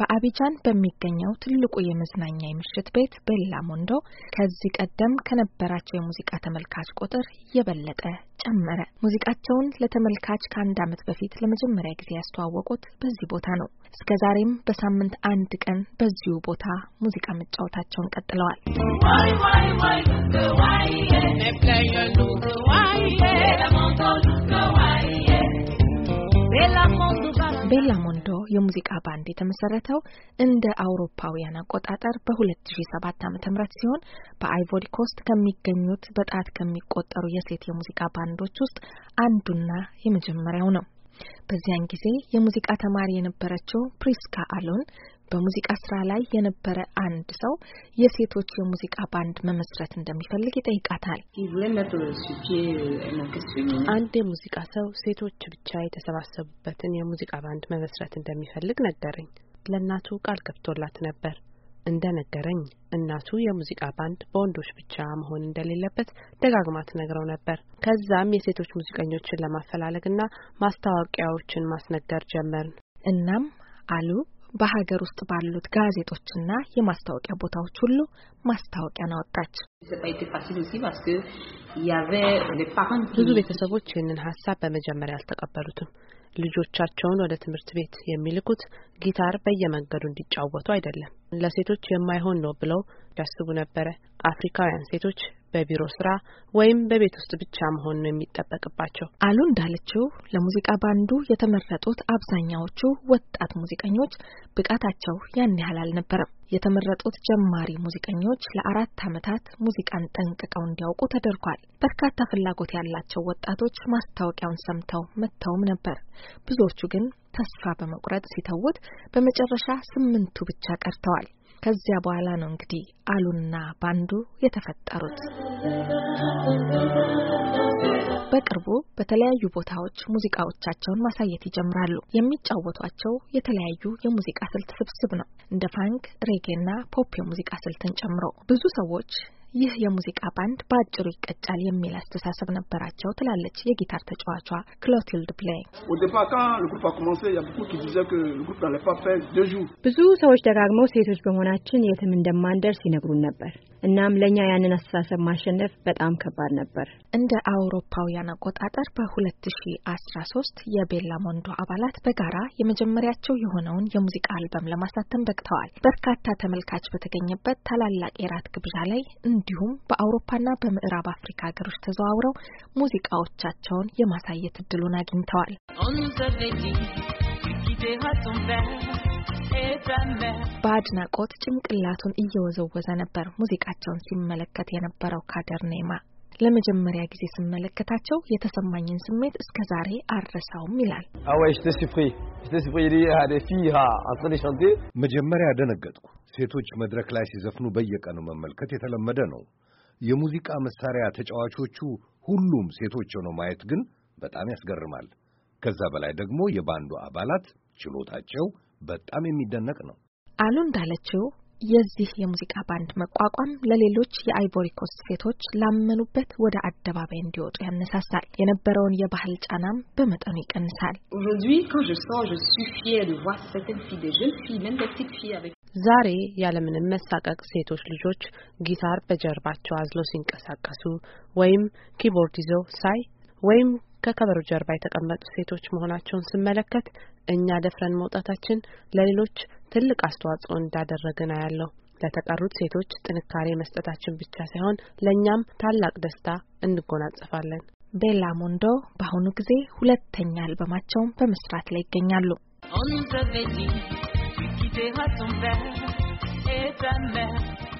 በአቢጃን በሚገኘው ትልቁ የመዝናኛ የምሽት ቤት ቤላ ሞንዶ ከዚህ ቀደም ከነበራቸው የሙዚቃ ተመልካች ቁጥር የበለጠ ጨመረ። ሙዚቃቸውን ለተመልካች ከአንድ ዓመት በፊት ለመጀመሪያ ጊዜ ያስተዋወቁት በዚህ ቦታ ነው። እስከ ዛሬም በሳምንት አንድ ቀን በዚሁ ቦታ ሙዚቃ መጫወታቸውን ቀጥለዋል። ላሞንዶ የሙዚቃ ባንድ የተመሰረተው እንደ አውሮፓውያን አቆጣጠር በ2007 ም ሲሆን በአይቮሪ ኮስት ከሚገኙት በጣት ከሚቆጠሩ የሴት የሙዚቃ ባንዶች ውስጥ አንዱና የመጀመሪያው ነው። በዚያን ጊዜ የሙዚቃ ተማሪ የነበረችው ፕሪስካ አሎን በሙዚቃ ስራ ላይ የነበረ አንድ ሰው የሴቶች የሙዚቃ ባንድ መመስረት እንደሚፈልግ ይጠይቃታል። አንድ የሙዚቃ ሰው ሴቶች ብቻ የተሰባሰቡበትን የሙዚቃ ባንድ መመስረት እንደሚፈልግ ነገረኝ። ለእናቱ ቃል ገብቶላት ነበር። እንደ ነገረኝ እናቱ የሙዚቃ ባንድ በወንዶች ብቻ መሆን እንደሌለበት ደጋግማ ትነግረው ነበር። ከዛም የሴቶች ሙዚቀኞችን ለማፈላለግና ማስታወቂያዎችን ማስነገር ጀመርን። እናም አሉ በሀገር ውስጥ ባሉት ጋዜጦችና የማስታወቂያ ቦታዎች ሁሉ ማስታወቂያን አወጣች። ብዙ ቤተሰቦች ይህንን ሀሳብ በመጀመሪያ አልተቀበሉትም። ልጆቻቸውን ወደ ትምህርት ቤት የሚልኩት ጊታር በየመንገዱ እንዲጫወቱ አይደለም፣ ለሴቶች የማይሆን ነው ብለው ያስቡ ነበረ። አፍሪካውያን ሴቶች በቢሮ ስራ ወይም በቤት ውስጥ ብቻ መሆን ነው የሚጠበቅባቸው። አሉ እንዳለችው ለሙዚቃ ባንዱ የተመረጡት አብዛኛዎቹ ወጣት ሙዚቀኞች ብቃታቸው ያን ያህል አልነበረም። የተመረጡት ጀማሪ ሙዚቀኞች ለአራት ዓመታት ሙዚቃን ጠንቅቀው እንዲያውቁ ተደርጓል። በርካታ ፍላጎት ያላቸው ወጣቶች ማስታወቂያውን ሰምተው መጥተውም ነበር። ብዙዎቹ ግን ተስፋ በመቁረጥ ሲተውት በመጨረሻ ስምንቱ ብቻ ቀርተዋል። ከዚያ በኋላ ነው እንግዲህ አሉና ባንዱ የተፈጠሩት። በቅርቡ በተለያዩ ቦታዎች ሙዚቃዎቻቸውን ማሳየት ይጀምራሉ። የሚጫወቷቸው የተለያዩ የሙዚቃ ስልት ስብስብ ነው፣ እንደ ፋንክ፣ ሬጌ እና ፖፕ የሙዚቃ ስልትን ጨምሮ ብዙ ሰዎች ይህ የሙዚቃ ባንድ በአጭሩ ይቀጫል የሚል አስተሳሰብ ነበራቸው ትላለች የጊታር ተጫዋቿ ክሎቲልድ ብሌ። ብዙ ሰዎች ደጋግመው ሴቶች በመሆናችን የትም እንደማንደርስ ይነግሩን ነበር። እናም ለእኛ ያንን አስተሳሰብ ማሸነፍ በጣም ከባድ ነበር። እንደ አውሮፓውያን አቆጣጠር በ2013 የቤላ ሞንዶ አባላት በጋራ የመጀመሪያቸው የሆነውን የሙዚቃ አልበም ለማሳተም በቅተዋል። በርካታ ተመልካች በተገኘበት ታላላቅ የራት ግብዣ ላይ እንዲሁም በአውሮፓና በምዕራብ አፍሪካ ሀገሮች ተዘዋውረው ሙዚቃዎቻቸውን የማሳየት እድሉን አግኝተዋል። በአድናቆት ጭንቅላቱን እየወዘወዘ ነበር ሙዚቃቸውን ሲመለከት የነበረው ካደር ኔማ። ለመጀመሪያ ጊዜ ስመለከታቸው የተሰማኝን ስሜት እስከ ዛሬ አረሳውም ይላል። መጀመሪያ ደነገጥኩ። ሴቶች መድረክ ላይ ሲዘፍኑ በየቀኑ መመልከት የተለመደ ነው። የሙዚቃ መሳሪያ ተጫዋቾቹ ሁሉም ሴቶች ሆነው ማየት ግን በጣም ያስገርማል። ከዛ በላይ ደግሞ የባንዱ አባላት ችሎታቸው በጣም የሚደነቅ ነው። አሉ እንዳለችው የዚህ የሙዚቃ ባንድ መቋቋም ለሌሎች የአይቮሪ ኮስት ሴቶች ላመኑበት ወደ አደባባይ እንዲወጡ ያነሳሳል። የነበረውን የባህል ጫናም በመጠኑ ይቀንሳል። ዛሬ ያለምንም መሳቀቅ ሴቶች ልጆች ጊታር በጀርባቸው አዝለው ሲንቀሳቀሱ ወይም ኪቦርድ ይዘው ሳይ ወይም ከከበሮ ጀርባ የተቀመጡ ሴቶች መሆናቸውን ስመለከት እኛ ደፍረን መውጣታችን ለሌሎች ትልቅ አስተዋጽኦ እንዳደረግን አያለሁ። ለተቀሩት ሴቶች ጥንካሬ መስጠታችን ብቻ ሳይሆን ለእኛም ታላቅ ደስታ እንጎናጸፋለን። ቤላ ሞንዶ በአሁኑ ጊዜ ሁለተኛ አልበማቸውን በመስራት ላይ ይገኛሉ። On tu ton père et ta mère.